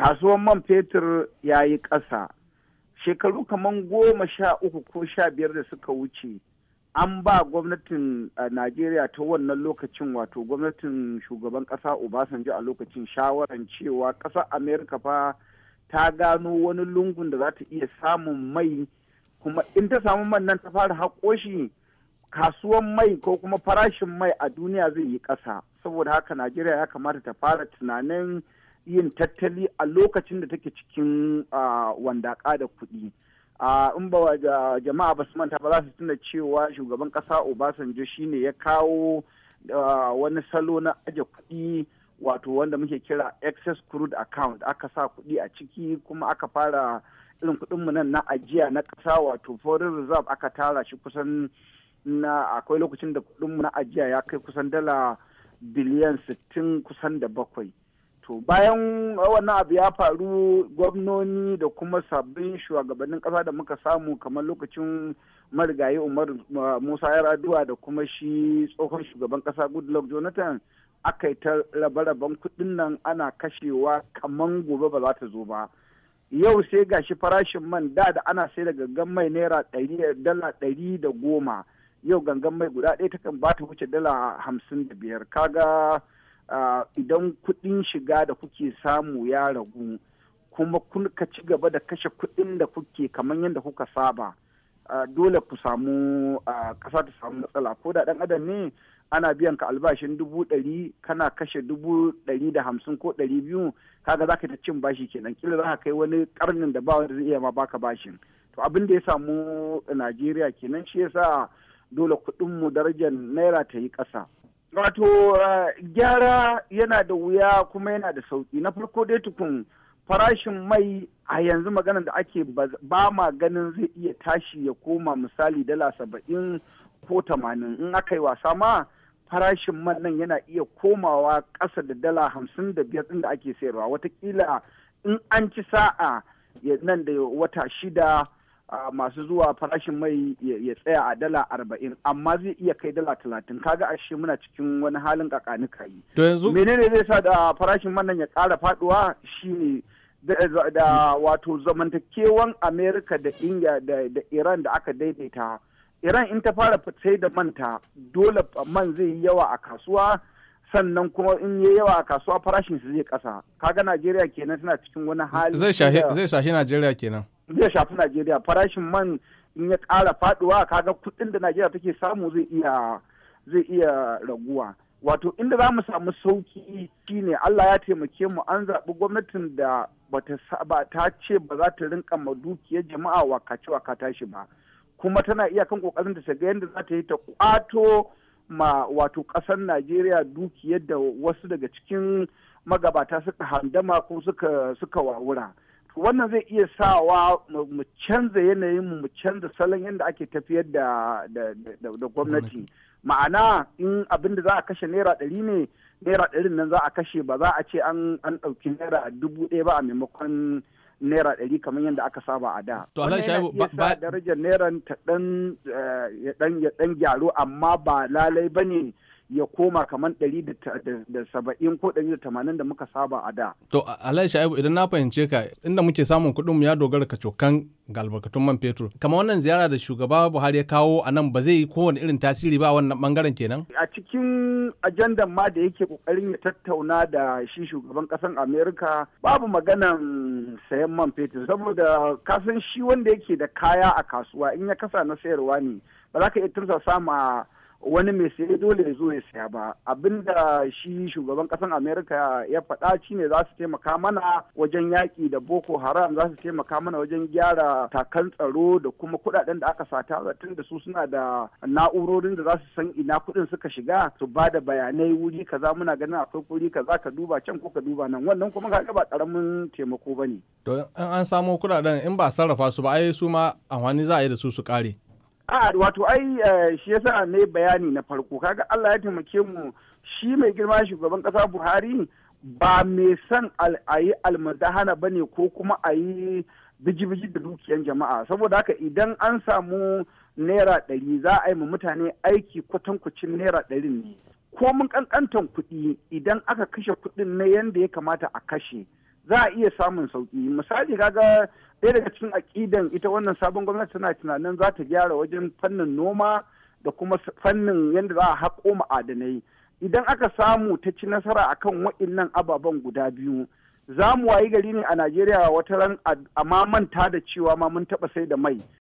kasuwan man fetur ya yi ƙasa shekaru kamar goma sha uku ko sha biyar da suka wuce an ba gwamnatin najeriya ta wannan lokacin wato gwamnatin shugaban ƙasa obasanjo a lokacin shawaran cewa ƙasar amerika fa ta gano wani lungun da za ta iya samun mai kuma in ta samu man nan ta fara haƙo shi kasuwan mai ko kuma farashin mai a duniya zai yi ƙasa saboda haka najeriya ya kamata ta fara tunanin yin tattali a lokacin da take cikin wandaƙa da kuɗi. in ba jama'a ba su manta ba za su tuna cewa shugaban ƙasa Obasanjo shine ya kawo wani salo na aje kuɗi wato wanda muke kira excess crude account aka sa kuɗi a ciki kuma aka fara irin kuɗinmu nan na ajiya na ƙasa wato foreign reserve aka tara shi kusan na akwai lokacin da kuɗinmu na ajiya ya kai kusan dala biliyan sittin kusan da bakwai to bayan wannan abu ya faru gwamnoni da kuma sabbin shugabannin kasa da muka samu kamar lokacin marigayi umar ah, musa yaraduwa da kuma shi tsohon shugaban kasa goodluck jonathan aka yi ta rabe-raben kuɗin nan ana kashewa kamar gobe ba za ta zo ba yau sai gashi farashin man da da ana sai da gangan mai naira dala ɗari da goma yau gangan mai guda ɗaya takan ba ta wuce dala hamsin da biyar kaga idan kuɗin shiga da kuke samu ya ragu kuma kuka ci gaba da kashe kuɗin da kuke kamar yadda kuka saba dole ku samu kasa ta samu matsala ko da ɗan adam ne ana biyan ka albashin dubu ɗari kana kashe dubu ɗari da hamsin ko ɗari biyu kaga za ka ta cin bashi kenan kila za ka kai wani karnin da ba wanda zai iya ma baka bashin to abin da ya samu najeriya kenan shi yasa dole kuɗin mu darajar naira ta yi ƙasa Wato uh, gyara yana da wuya kuma yana da sauki Na farko dai tukun farashin mai a yanzu maganar da ake ba ma ganin zai iya tashi ya koma misali dala saba'in ko tamanin in aka yi wasa ma farashin man nan yana iya komawa ƙasa da dala hamsin da biyar ɗin da ake sayarwa watakila in an ci sa'a nan da wata shida masu zuwa farashin mai ya tsaya a dala arba'in amma zai iya kai dala talatin kaga ashe muna cikin wani halin kakani kayi to yanzu menene zai sa da farashin man nan ya ƙara faduwa shine da wato zamantakewan amerika da india da iran da aka daidaita iran in ta fara sai da manta dole man zai yi yawa a kasuwa sannan kuma in yi yawa a kasuwa farashin su zai kasa kaga najeriya kenan tana cikin wani hali zai shahi najeriya kenan zai shafi Najeriya farashin man in ya ƙara faduwa kaga kuɗin da Najeriya take samu zai iya zai iya raguwa wato inda za mu samu sauki shine Allah ya taimake mu an zaɓi gwamnatin da bata ba ta ce ba za ta rinka ma dukiyar jama'a wakaci wakata shi ba kuma tana iya kan kokarin ta ga yadda za ta yi ta kwato ma wato ƙasar Najeriya dukiyar da wasu daga cikin magabata suka handama ko suka suka wawura wannan zai iya sawa mu canza yanayin mu canza salon yadda ake tafiyar da da gwamnati ma'ana in abin da za a kashe naira ɗari ne naira ɗarin nan za a kashe ba za a ce an ɗauki naira dubu ɗaya ba a maimakon naira ɗari kamar yadda aka saba a da. To Allah shaibu ba darajar naira ta eh, ɗan ya ɗan gyaru amma ba lalai ba ne. ya koma kamar ɗari da saba'in ko ɗari da tamanin da muka saba a da. To Alayi Sha'ibu idan na fahimce ka inda muke samun kuɗin mu ya dogara ka cokan ga man fetur. Kamar wannan ziyara da shugaba Buhari ya kawo a nan ba zai yi kowane irin tasiri ba wannan bangaren kenan? A cikin ajandan ma da yake kokarin ya tattauna da shi shugaban ƙasan Amerika babu maganan sayan man fetur saboda kasan shi wanda yake da kaya a kasuwa in ya kasa na sayarwa ne ba za ka iya tursasa ma. wani mai saye dole ya zo ya saya ba abinda shi shugaban kasan amerika ya faɗa shi ne za su taimaka mana wajen yaƙi da boko haram za su taimaka mana wajen gyara takan tsaro da kuma kuɗaɗen da aka sata tun da su suna da na'urorin da za su san ina kuɗin suka shiga su ba da bayanai wuri kaza muna ganin akwai wuri kaza ka duba can ko ka duba nan wannan kuma kaga ba ƙaramin taimako ba ne. to an samo kuɗaɗen in ba sarrafa su ba ai su ma amfani za a yi da su su kare. a wato ai eh, shi yasa ne bayani na farko kaga Allah ya taimake mu shi mai girma shugaban kasa Buhari ba mai son ayi yi almazahana ba ne ko kuma a yi biji-biji da dukiyan jama'a saboda haka idan an samu naira ɗari za a yi ma mutane aiki kwatankwacin naira ɗarin ne ko mun ƙanƙantan kuɗi idan aka kashe kuɗin na yanda ya kamata a kashe za a iya samun sauki misali kaga ɗaya daga cikin aƙidan ita wannan sabon gwamnati tana tunanin za ta gyara wajen fannin noma da kuma fannin yadda za a haƙo ma'adanai idan aka samu ta ci nasara akan waɗannan ababen guda biyu za mu wayi gari ne a najeriya wata ran a manta da cewa ma mun taɓa sai da mai